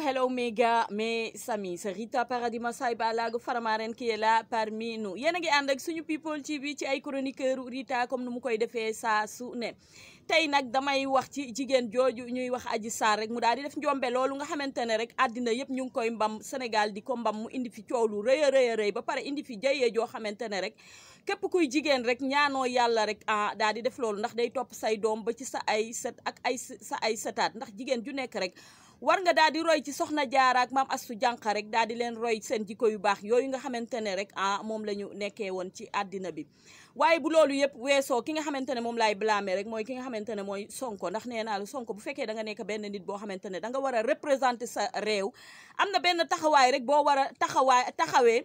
hello méga mes amis c'est Rita Paradis Massaye Balago Faramaren qui est là parmi nous yéen a ngi ànd ak suñu people TV ci ay chroniqueur Rita comme nu mu koy defee saa su ne tey nag damay wax ci jigéen jooju ñuy wax aji Sarr rek mu daal di def jombe loolu nga xamante ne rek àddina yëpp ñu ngi koy mbam Sénégal di ko mbam mu indi fi coow lu rëy ba pare indi fi jëyee joo xamante ne rek képp kuy jigéen rek ñaanoo yàlla rek ah daal di def loolu ndax day topp say doom ba ci sa ay set ak ay sa ay setaat ndax jigéen ju nekk rek war nga daal di roy ci soxna jaara ak maam astu jànqa rek daal di leen roy seen jikko yu baax yooyu nga xamante ne rek ah moom la ñu nekkee woon ci àddina bi waaye bu loolu yëpp weesoo ki nga xamante ne moom laay blâmer rek mooy ki nga xamante ne mooy sonko ndax nee naa la sonko bu fekkee danga nga nekk benn nit boo xamante ne da nga a représenter sa réew am na benn taxawaay rek boo war a taxawaay taxawee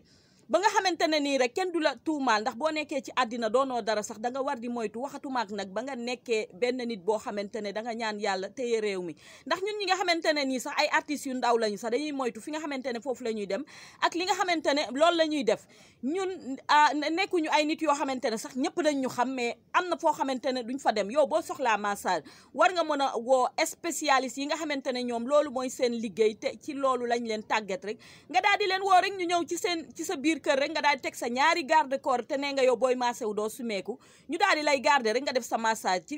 ba nga xamante ne nii rek kenn du la tuumaal ndax boo nekkee ci àddina doonoo dara sax danga war di moytu waxatumaak nag ba nga nekkee benn nit boo xamante ne da ñaan yàlla tey réew mi ndax ñun ñi nga xamante ne nii sax ay artistes yu ndaw lañu sax dañuy moytu fi nga xamante ne foofu la ñuy dem ak li nga xamante ne loolu la ñuy def ñun nekkuñu ay nit yoo xamante ne sax ñëpp dañ ñu xam mais am na foo xamante ne duñ fa dem yow boo soxlaa massage war nga mën a woo spécialiste yi nga xamante ne ñoom loolu mooy seen liggéey te ci loolu lañ leen tàggat rek nga daal di leen woo rek ñu ñëw ci seen ci sa biir kër rek nga daal di teg sa ñaari garde corps te nee nga yow booy massé wu doo sumeeku ñu daal di lay garde rek nga def sa massage ci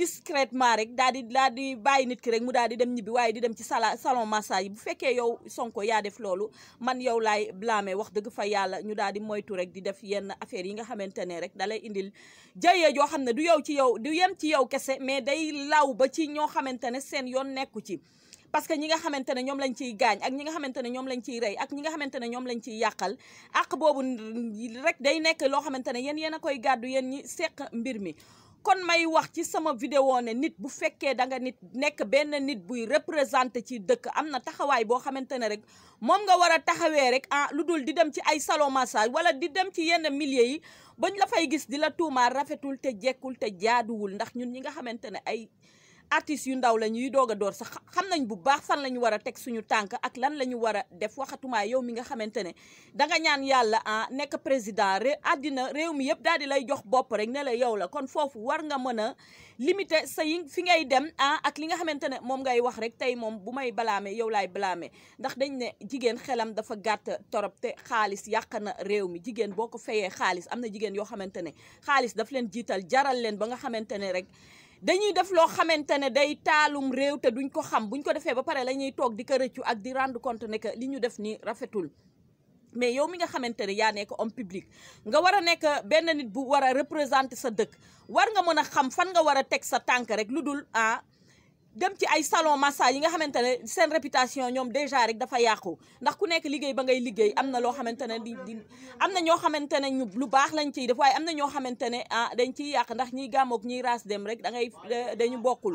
discrètement rek daal di di bàyyi nit ki rek mu daal di dem ñibbi waaye di dem ci sala salon massage bu fekkee yow Sonko yaa def loolu man yow laay blâmer wax dëgg fa yàlla ñu daal di moytu rek di def yenn affaire yi nga xamante ne rek dalay indil jayee joo xam ne du yow ci yow du yem ci yow kese mais day law ba ci ñoo xamante ne seen yoon nekku ci parce que ñi nga xamante ne ñoom lañ ciy gaañ ak ñi nga xamante ne ñoom lañ ciy rey ak ñi nga ne ñoom lañ ciy yàqal àq boobu rek day nekk loo xamante ne yéen a koy gàddu yéen seq mbir mi kon may wax ci sama vidéo ne nit bu fekkee danga nit nekk benn nit buy représenté ci dëkk am na taxawaay boo xamante ne rek moom nga war a taxawee rek ah lu dul di dem ci ay salon massage wala di dem ci yenn milieu yi bañ la fay gis di la tuumaal rafetul te jekkul te jaaduwul ndax ñun ñi nga xamante ne ay artistes yu ndaw la ñuy doog a door sax xam nañ bu baax fan la ñu war a teg suñu tànk ak lan la ñu war a def waxatumaa yow mi nga xamante ne danga ñaan yàlla ah nekk président ré àddina réew mi yëpp daal di lay jox bopp rek ne la yow la kon foofu war nga mën a limiter sa yi fi ngay dem ah ak li nga xamante ne moom ngay wax rek tey moom bu may balaame yow laay balaame ndax dañ ne jigéen xelam dafa gàtt torop te xaalis yàq na réew mi jigéen boo ko fayee xaalis am na jigéen yoo xamante ne xaalis daf leen jiital jaral leen ba nga xamante ne rek dañuy def loo xamante ne day taalum réew te duñ ko xam buñ ko defee ba pare la ñuy toog di ko rëccu ak di rendre compte ne li ñu def nii rafetul mais yow mi nga xamante ne yaa nekk homme public nga war a nekk benn nit bu war a représenter sa dëkk war nga mën a xam fan nga war a teg sa tànk rek lu dul ah dem ci ay salon massage yi nga xamante ne seen réputation ñoom déjà rek dafa yàqu ndax ku nekk liggéey ba ngay liggéey am na loo xamante ne di di am na ñoo xamante ne ñu lu baax lañ ciy def waaye am na ñoo xamante ne ah dañ ciy yàq ndax ñiy gàmmoog ñiy raas dem rek dangay ngay dañu bokkul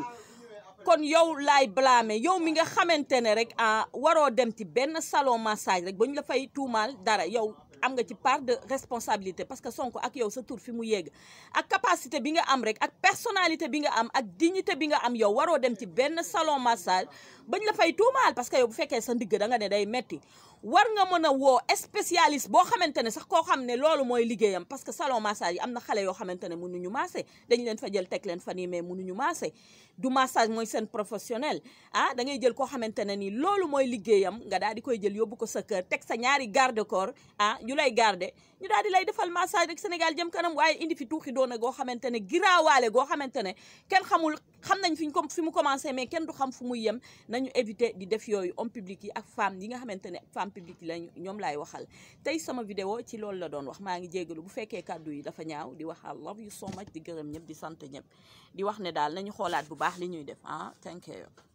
kon yow laay blâmer yow mi nga xamante ne rek ah waroo dem ci benn salon massage rek ba ñu la fay tuumaal dara yow am nga ci part de responsabilité parce que Sonko ak yow sa tur fi mu yegg ak capacité bi nga am rek ak personnalité bi nga am ak dignité bi nga am yow waroo dem ci benn salon massage bañ la fay tuumaal parce que yow bu fekkee sa ndigg da nga ne day metti war nga mën a woo spécialiste boo xamante ne sax koo xam ne loolu mooy liggéeyam parce que salon massage am na xale yoo xamante ne mënuñu maase dañ leen fa jël teg fan yi mais mënuñu maase du massage mooy seen professionnel ah da ngay jël koo xamante ne ni loolu mooy liggéeyam nga daal di koy jël yóbbu ko sa kër teg sa ñaari garde corps ah ñu lay garde ñu daal lay defal massage rek Sénégal jëm kanam waaye indi fi tuuxi doona goo xamante ne giraawaale goo xamante ne kenn xamul xam nañ fi ñu ko fi mu commencé mais kenn du xam fu muy yem nañu éviter di def yooyu homme public yi ak femme yi nga xamante ne femme yi lañ ñoom laay waxal tey sama video ci loolu la doon wax maa ngi jégalu bu fekkee kàddu yi dafa ñaaw di wax I love you so much di gërëm ñëpp di sant ñëpp di wax ne daal nañu xoolaat bu baax li ñuy def ah. Thank you.